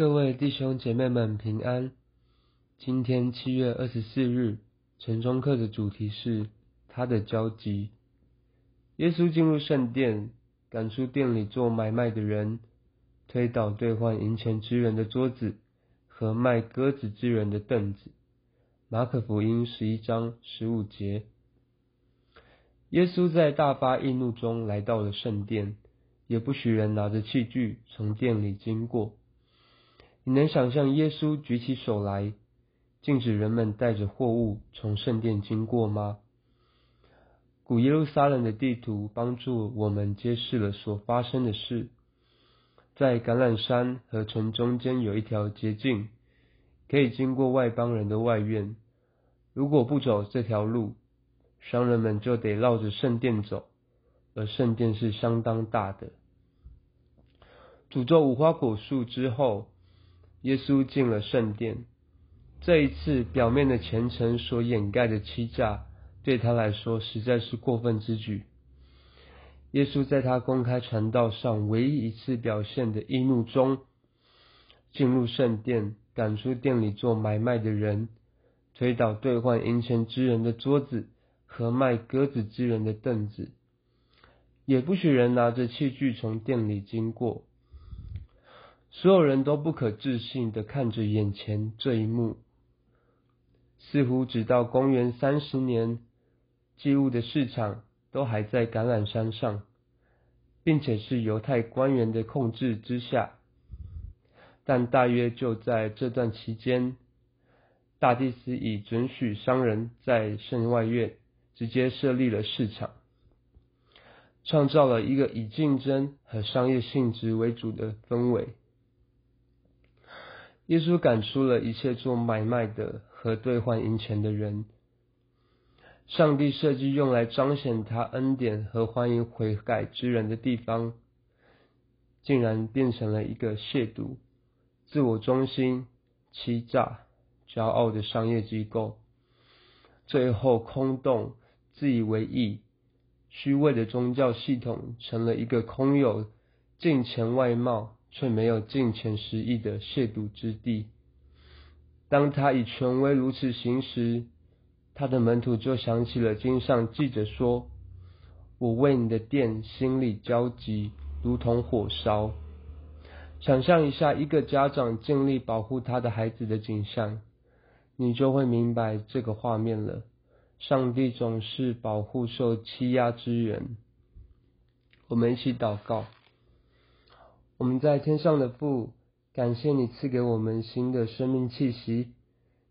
各位弟兄姐妹們平安。今天七月二十四日，晨鐘課的主題是祂的焦急。耶穌進入聖殿，趕出殿裡做買賣的人，推倒兌換銀錢之人的桌子和賣鴿子之人的凳子。馬可福音十一章十五節：耶穌在大發義怒中來到了聖殿，也不許人拿着器具從殿裡經過。你能想象耶穌舉起手來，禁止人們帶着貨物從聖殿經過嗎？古耶路撒冷的地圖幫助我們揭示了所發生的事。在橄欖山和城中間有一條捷徑，可以經過外邦人的外院。如果不走這條路，商人們就得繞着聖殿走，而聖殿是相當大的。詛咒無花果樹之後，耶穌進了聖殿，這一次表面的虔誠所掩蓋的欺詐，對他來說實在是過分之舉。耶穌在他公開傳道上唯一一次表現的義怒中，進入聖殿，趕出店裡做買賣的人，推倒兌換銀錢之人的桌子和賣鴿子之人的凳子，也不許人拿着器具從店裡經過。所有人都不可置信的看着眼前這一幕，似乎直到公元30年，祭物的市場都還在橄欖山上，並且是猶太官員的控制之下。但大約就在這段期間，大祭司已准許商人，在聖外院直接設立了市場，創造了一個以競爭和商業性質為主的氛圍。耶穌趕出了一切做買賣的和兌換銀錢的人。上帝設計用來彰顯祂恩典，和歡迎悔改之人的地方，竟然變成了一個褻瀆、自我中心、欺詐、驕傲的商業機構。最後，空洞、自以為義、虛偽的宗教系統成了一個空有金錢外貌卻沒有盡情肆意的褻瀆之地。當他以權威如此行時，他的門徒就想起了經上記著說：“我為你的殿心裡焦急，如同火燒。”想象一下一個家長盡力保護他的孩子的景象，你就會明白這個畫面了。上帝總是保護受欺壓之人。我們一起禱告。我們在天上的父，感謝你賜給我們新的生命氣息。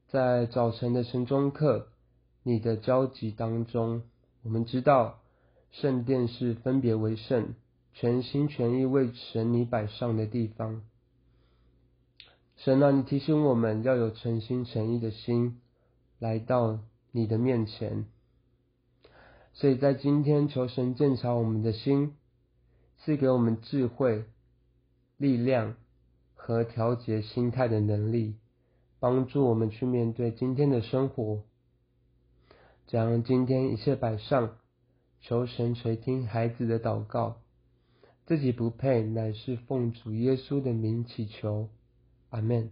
在早晨的晨鐘課，你的交集當中，我們知道聖殿是分別為聖、全心全意為神你擺上的地方。神啊，你提醒我們要有誠心誠意的心來到你的面前。所以在今天，求神鑒察我們的心，賜給我們智慧。力量和調節心態的能力，幫助我們去面對今天的生活。將今天一切擺上，求神垂聽孩子的禱告。自己不配，乃是奉主耶穌的名祈求。阿門。